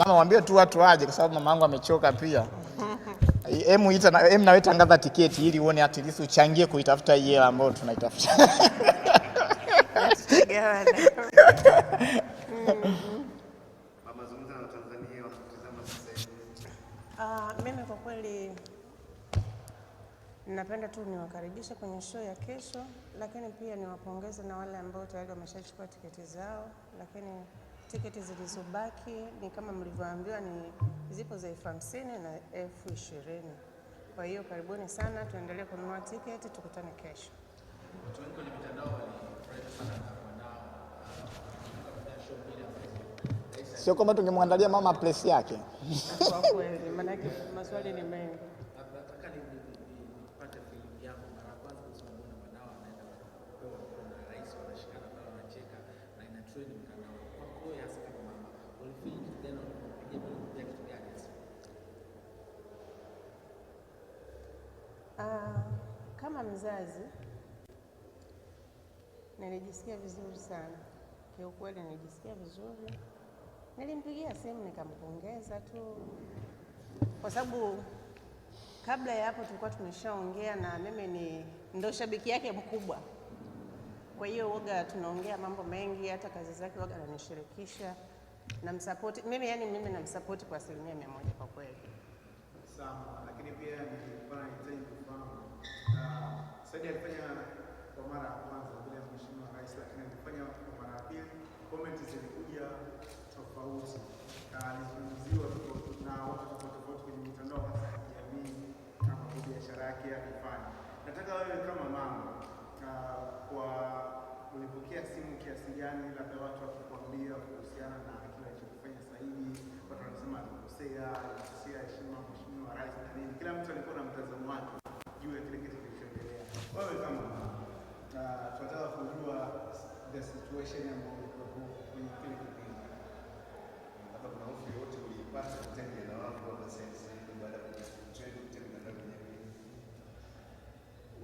Mama, mwambie tu watu waje, kwa sababu mama yangu amechoka pia. Eh, Emu ita na nawe tangaza tiketi ili uone at least uchangie kuitafuta hii hela ambayo tunaitafuta. Mm-hmm. Mama, zungumza na Tanzania sasa hivi. Ah, mimi kwa kweli Napenda tu niwakaribishe kwenye show ya kesho, lakini pia niwapongeze na wale ambao tayari wameshachukua tiketi zao, lakini tiketi zilizobaki ni kama mlivyoambiwa, ni zipo za elfu hamsini na elfu ishirini. Kwa hiyo karibuni sana, tuendelee kununua tiketi, tukutane kesho. Uh, Sio kwamba tungemwandalia mama place yake. Kwa kweli, maana maswali ni mengi. mzazi, nilijisikia vizuri sana kiukweli, nilijisikia vizuri. Nilimpigia simu nikampongeza tu, kwa sababu kabla ya hapo tulikuwa tumeshaongea, na mimi ni ndo shabiki yake mkubwa, kwa hiyo woga tunaongea mambo mengi, hata kazi zake woga ananishirikisha na mimi, yani mimi namsapoti kwa asilimia mia moja kwa kweli. Sawa, lakini pia ni Said alifanya kwa mara ya kwanza bila ya mheshimiwa rais, lakini alifanya kwa mara ya pili. Komenti zilikuja tofauti, alizungumziwa na watu tofauti tofauti kwenye mitandao hasa ya kijamii na kwa biashara yake alifanya. Nataka wewe kama mama, kwa ulipokea simu kiasi gani, labda watu wakikwambia kuhusiana na kile alichofanya Saidi, watu wanasema alikosea, alikosea heshima mheshimiwa rais na nini, kila mtu alikuwa na mtazamo wake juu ya kile kitu wewe kama tunataka kujua the situation ambayo ulikuwa kwenye kile kipindi, labda kuna hofu yoyote uliipata kutenga jana wako wa sasa hivi baada ya kutenga kutenga mtandao kwenye kipindi?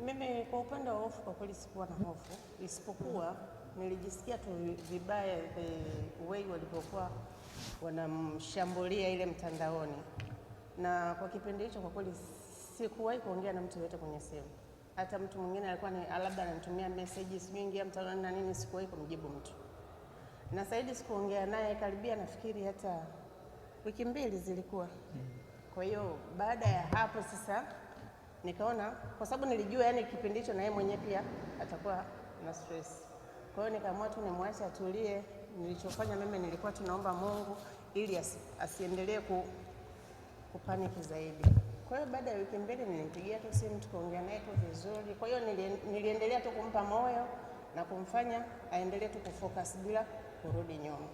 Mimi kwa upande wa hofu, kwa kweli sikuwa na hofu, isipokuwa nilijisikia tu vibaya the way walipokuwa wanamshambulia ile mtandaoni, na kwa kipindi hicho kwa kweli sikuwahi kuongea na mtu yoyote kwenye simu hata mtu mwingine alikuwa labda ananitumia message, sijui ingia mtandaoni na nini, sikuwahi kumjibu mtu. Na Saidi sikuongea naye karibia, nafikiri hata wiki mbili zilikuwa. Kwa hiyo baada ya hapo sasa nikaona, kwa sababu nilijua yani kipindi hicho na yeye mwenyewe pia atakuwa na stress. Kwa hiyo nikaamua tu nimwache atulie. Nilichofanya mimi nilikuwa tunaomba Mungu ili asiendelee ku, kupaniki zaidi. Kwa hiyo baada ya wiki mbili nilimpigia tu simu tukaongea naye tu vizuri. Kwa hiyo niliendelea tu kumpa moyo na kumfanya aendelee tu kufocus bila kurudi nyuma.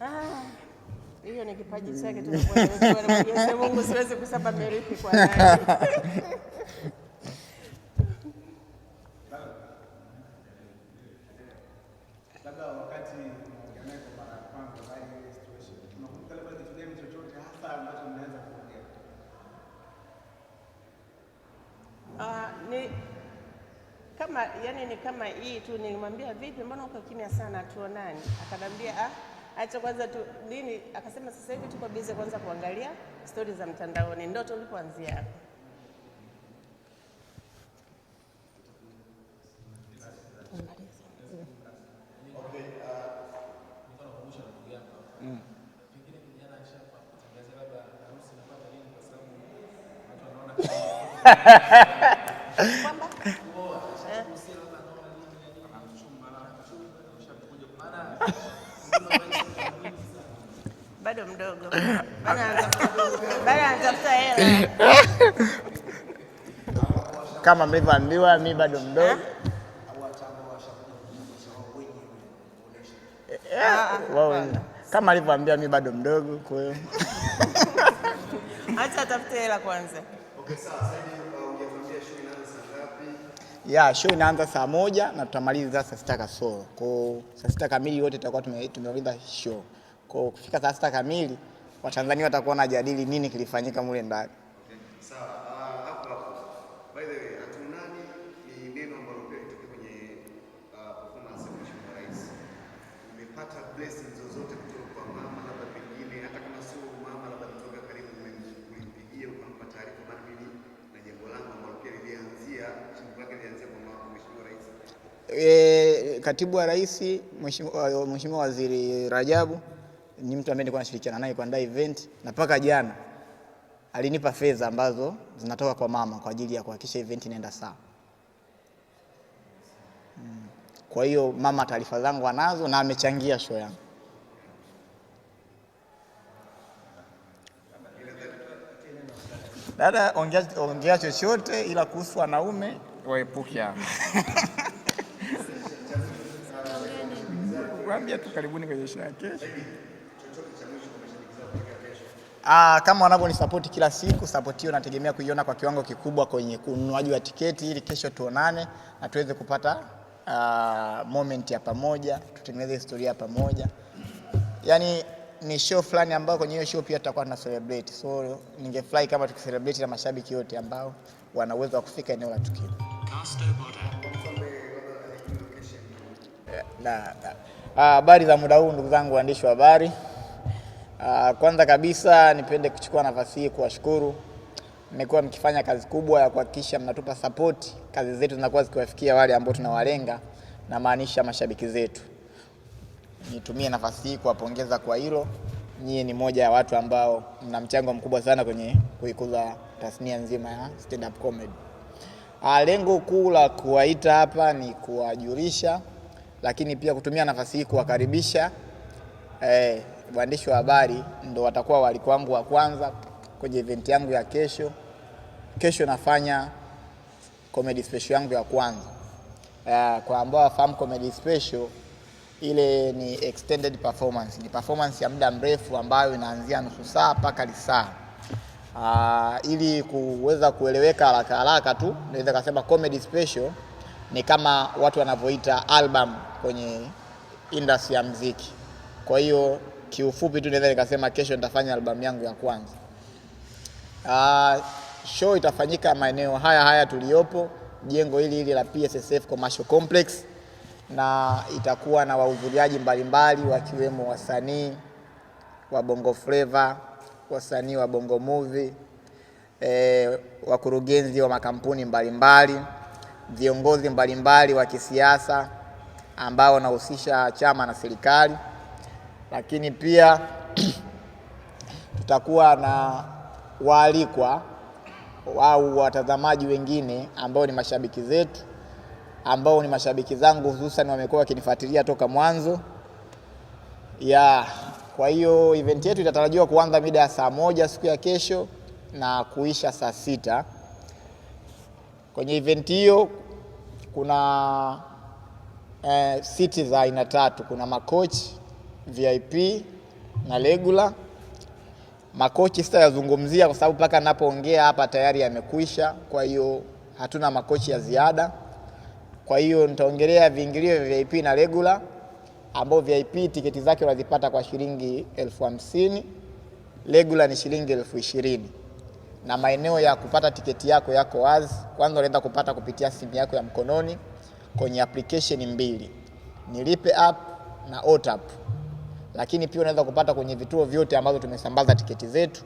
Ah, hiyo ni kipaji chake tu. Mungu siwezi kusema merithi kwa nani. kama yani ni kama hii tu. Nilimwambia vipi, mbona uko kimya sana, tuonani? Akanambia ah, acha kwanza tu nini. Akasema sasa hivi tuko busy kwanza kuangalia stori za mtandaoni. Ndo tulipoanzia kama mlivyoambiwa, mi bado mdogo Yeah, eh, eh, ah, ah. kama alivyoambia mi bado mdogo, kwa hiyo acha atafute hela kwanza. Uh, ya, show inaanza saa moja na tutamaliza saa sita kasoro. Kwa hiyo saa sita kamili wote tutakuwa tumemaliza show. Kwa hiyo kufika saa sita kamili Watanzania watakuwa wanajadili nini kilifanyika mule ndani. Okay. Sawa. Katibu wa Rais Mheshimiwa Waziri Rajabu ni mtu ambaye nilikuwa nashirikiana naye kuandaa event na mpaka jana alinipa fedha ambazo zinatoka kwa mama kwa ajili ya kuhakikisha event inaenda sawa. Hmm. Kwa hiyo mama taarifa zangu anazo na amechangia show yangu. Dada, ongea chochote ila kuhusu wanaume waepuke. Zambia tu karibuni kwenye ishirini ya kesho. Ah, kama wanavyonisapoti kila siku, sapoti hiyo nategemea kuiona kwa kiwango kikubwa kwenye ununuaji wa tiketi, ili kesho tuonane na tuweze kupata uh, moment ya pamoja, tutengeneze historia pamoja. Yaani ni show fulani ambayo kwenye hiyo show pia tutakuwa tuna celebrate, so ningefurahi kama tukicelebrate na mashabiki yote ambao wana uwezo wa kufika eneo la tukio. Ah, habari za muda huu ndugu zangu waandishi wa habari. Ah, kwanza kabisa nipende kuchukua nafasi hii kuwashukuru. Mmekuwa mkifanya kazi kubwa ya kuhakikisha mnatupa support, kazi zetu zinakuwa zikiwafikia wale ambao tunawalenga, na maanisha mashabiki zetu. Nitumie nafasi hii kuwapongeza kwa hilo. Nyie ni moja ya watu ambao mna mchango mkubwa sana kwenye kuikuza tasnia nzima ya stand up comedy. Ah, lengo kuu la kuwaita hapa ni kuwajulisha lakini pia kutumia nafasi hii kuwakaribisha eh, waandishi wa habari ndo watakuwa waliko wangu wa kwanza kwenye event yangu ya kesho. Kesho nafanya comedy special yangu ya kwanza. Eh, kwa ambao wafahamu comedy special ile ni extended performance, ni performance ya muda mrefu ambayo inaanzia nusu saa mpaka lisaa. Uh, ili kuweza kueleweka haraka haraka tu naweza kusema comedy special ni kama watu wanavyoita album kwenye industry ya mziki. Kwa hiyo kiufupi tu naweza nikasema kesho nitafanya albamu yangu ya kwanza. Uh, show itafanyika maeneo haya haya tuliyopo, jengo hili hili la PSSF Commercial Complex, na itakuwa na wahudhuriaji mbalimbali wakiwemo wasanii wa Bongo Flava, wasanii wa Bongo Movie, e, wakurugenzi wa makampuni mbalimbali viongozi mbalimbali wa kisiasa ambao unahusisha chama na serikali, lakini pia tutakuwa na waalikwa au watazamaji wengine ambao ni mashabiki zetu ambao ni mashabiki zangu hususan wamekuwa wakinifuatilia toka mwanzo ya Kwa hiyo event yetu itatarajiwa kuanza mida ya saa moja siku ya kesho na kuisha saa sita. Kwenye event hiyo kuna eh, siti za aina tatu. Kuna makochi VIP na regular. Makochi sitayazungumzia kwa sababu mpaka napoongea hapa tayari yamekwisha, kwa hiyo hatuna makochi ya ziada. Kwa hiyo nitaongelea viingilio vya VIP na regular, ambao VIP tiketi zake unazipata kwa shilingi elfu hamsini regular ni shilingi elfu ishirini na maeneo ya kupata tiketi yako yako wazi. Kwanza unaenda kupata kupitia simu yako ya mkononi kwenye application mbili, ni Lipe app na OTAP, lakini pia unaweza kupata kwenye vituo vyote ambazo tumesambaza tiketi zetu.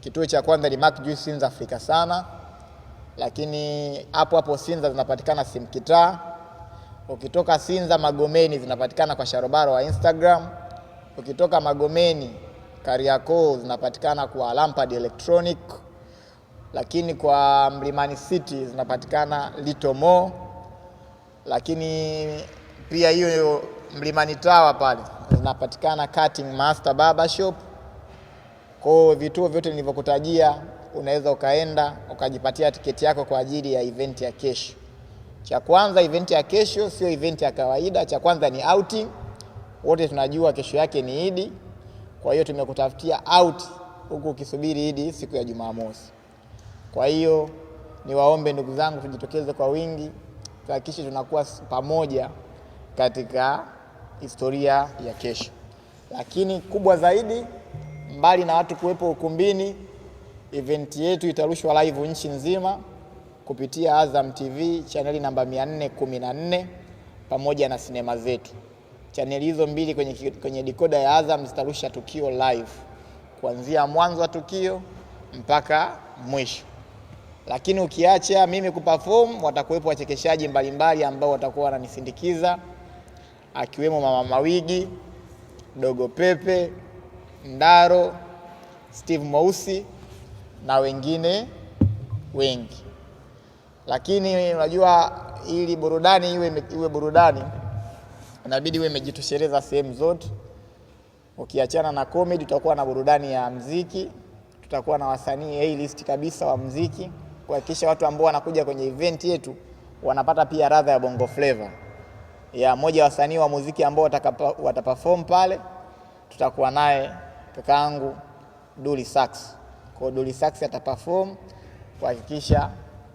Kituo cha kwanza ni Juice Sinza Afrika sana, lakini hapo hapo Sinza zinapatikana Simkitaa. Ukitoka Sinza Magomeni zinapatikana kwa Sharobaro wa Instagram. Ukitoka Magomeni Kariakoo zinapatikana kwa Lampad Electronic, lakini kwa Mlimani City zinapatikana Litomo lakini pia hiyo Mlimani Tawa pale zinapatikana cutting master barber shop. Kwa vituo vyote nilivyokutajia unaweza ukaenda ukajipatia tiketi yako kwa ajili ya event ya kesho. Cha kwanza event ya kesho sio event ya kawaida. Cha kwanza ni outing, wote tunajua kesho yake ni Idi, kwa hiyo tumekutafutia out huku ukisubiri Idi siku ya Jumamosi. Kwa hiyo niwaombe ndugu zangu, tujitokeze kwa wingi tuhakikishe tunakuwa pamoja katika historia ya kesho. Lakini kubwa zaidi, mbali na watu kuwepo ukumbini, event yetu itarushwa live nchi nzima kupitia Azam TV chaneli namba 414 pamoja na sinema zetu. Chaneli hizo mbili kwenye, kwenye dikoda ya Azam zitarusha tukio live kuanzia mwanzo wa tukio mpaka mwisho lakini ukiacha mimi kuperform, watakuwepo wachekeshaji mbalimbali ambao watakuwa wananisindikiza akiwemo Mama Mawigi, Dogo Pepe, Ndaro, Steve Mweusi na wengine wengi. Lakini unajua ili burudani iwe, iwe burudani inabidi iwe imejitosheleza sehemu zote. Ukiachana na comedy, tutakuwa na burudani ya mziki, tutakuwa na wasanii A-list kabisa wa mziki kuhakikisha watu ambao wanakuja kwenye event yetu wanapata pia radha ya bongo flava ya moja wasanii wa muziki ambao wataperform pale. Tutakuwa naye kakaangu Duli Sax. Kwa Duli Sax ataperform kuhakikisha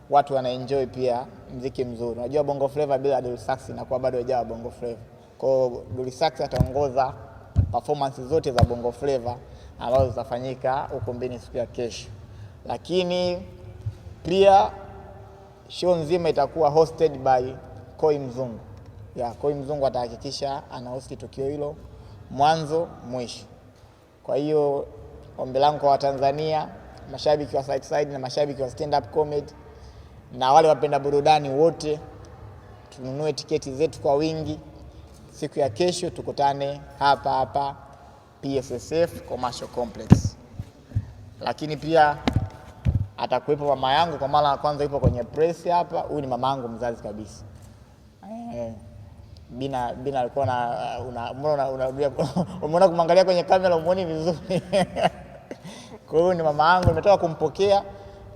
watu wanaenjoy pia mziki mzuri. Unajua bongo flava bila Duli Sax inakuwa bado haijawa bongo flava. Kwa Duli Sax ataongoza performance zote za bongo flava ambazo zitafanyika ukumbini siku ya kesho, lakini pia show nzima itakuwa hosted by Koi Mzungu. Ya, Koi Mzungu atahakikisha anahosti tukio hilo mwanzo mwisho. Kwa hiyo ombi langu kwa Watanzania, mashabiki wa side side na mashabiki wa stand up comedy na wale wapenda burudani wote, tununue tiketi zetu kwa wingi. Siku ya kesho tukutane hapa hapa PSSF Commercial Complex, lakini pia atakuwepo mama yangu kwa mara ya kwanza, yupo kwenye press hapa. Huyu ni mama yangu mzazi kabisa eh. Bina Bina alikuwa na uh, una umeona kumwangalia kwenye kamera umeoni vizuri kwa hiyo ni mama yangu, nimetoka kumpokea,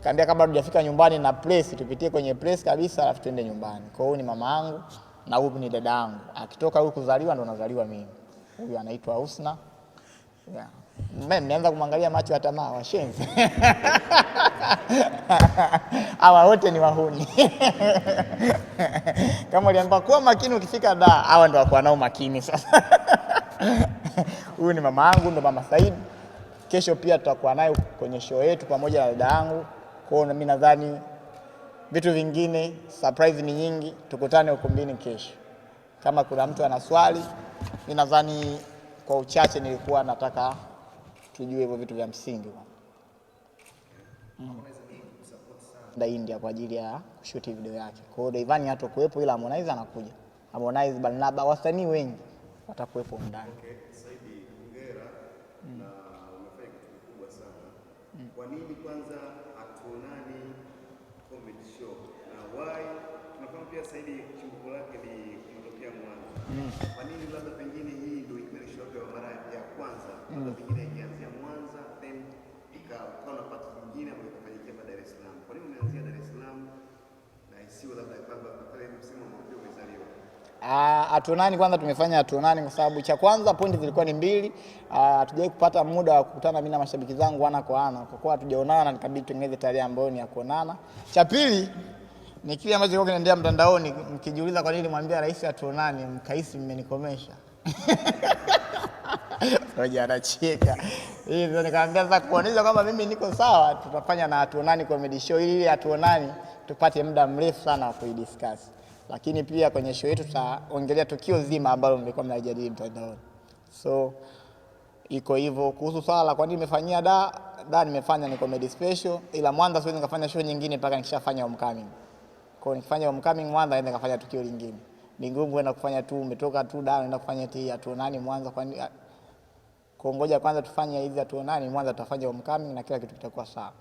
kaambia kabla tujafika nyumbani na press, tupitie kwenye press kabisa, alafu tuende nyumbani. Kwa hiyo ni mama yangu na huyu ni dada yangu, akitoka huyu kuzaliwa ndo nazaliwa mimi. Huyu anaitwa Husna yeah. Mmeanza kumwangalia macho ya tamaa, washenzi hawa wote ni wahuni kama uliambiwa kuwa makini, ukifika da, hawa ndo wakuwa nao makini. Sasa huyu ni mama yangu, ndo mama Said. Kesho pia tutakuwa naye kwenye show yetu pamoja na dada yangu. Kwa hiyo mimi nadhani vitu vingine, surprise ni nyingi. Tukutane ukumbini kesho. Kama kuna mtu ana swali, mimi nadhani kwa uchache nilikuwa nataka tujue hivyo vitu vya msingi da India kwa ajili ya kushuti video yake. Kwa hiyo Rayvanny hatakuwepo ila Harmonize anakuja. Harmonize Barnaba, wasanii wengi watakuwepo ndani. Okay. Saidi, hongera mm. na umefanya kitu kikubwa sana. Mm. Kwa nini kwanza hatuonani comedy show? Na why tunafahamu pia Saidi chimbuko lake ni kutokea Mwanza. Mm. Kwa nini labda pengine hii ndio ikiwa show ya mara ya kwanza? Mm. Labda pengine ikianzia Mwanza then kikao ukawa na nyingine ambayo itafanyikia hapa Dar es Salaam. Kwa nini umeanzia Dar es Salaam na isiwe labda kwamba pale msimu ambao umezaliwa? Ah, hatuonani kwanza, tumefanya hatuonani kwa sababu cha kwanza pointi zilikuwa ni mbili. Ah, hatujawahi ah, kupata muda wa kukutana mimi na mashabiki zangu ana kwa ana, kwa kuwa hatujaonana, nikabidi tengeneze tarehe ambayo ni ya kuonana. Cha pili ni kile ambacho kilikuwa kinaendelea mtandaoni, mkijiuliza kwa nini mwambia rais hatuonani, mkahisi mmenikomesha Soja anacheka hivyo, nikamwambia sasa, kuonyesha kwamba mimi niko sawa, tutafanya na hatuonani comedy show ili ili hatuonani tupate muda mrefu sana wa kuidiscuss, lakini pia kwenye show yetu tutaongelea tukio zima ambalo mlikuwa mnajadili mtandaoni, so iko hivyo. Kuhusu swala la kwa nini nimefanyia da da, nimefanya ni comedy special, ila Mwanza siwezi nikafanya show nyingine mpaka nikishafanya homecoming. Kwa hiyo nikifanya homecoming Mwanza, naenda kafanya tukio lingine, ni ngumu kwenda kufanya tu umetoka tu da, naenda kufanya tia tu nani Mwanza, nini kwa ngoja kwanza tufanye hivi, hatuonani, mwanza tutafanya homecoming na kila kitu kitakuwa sawa.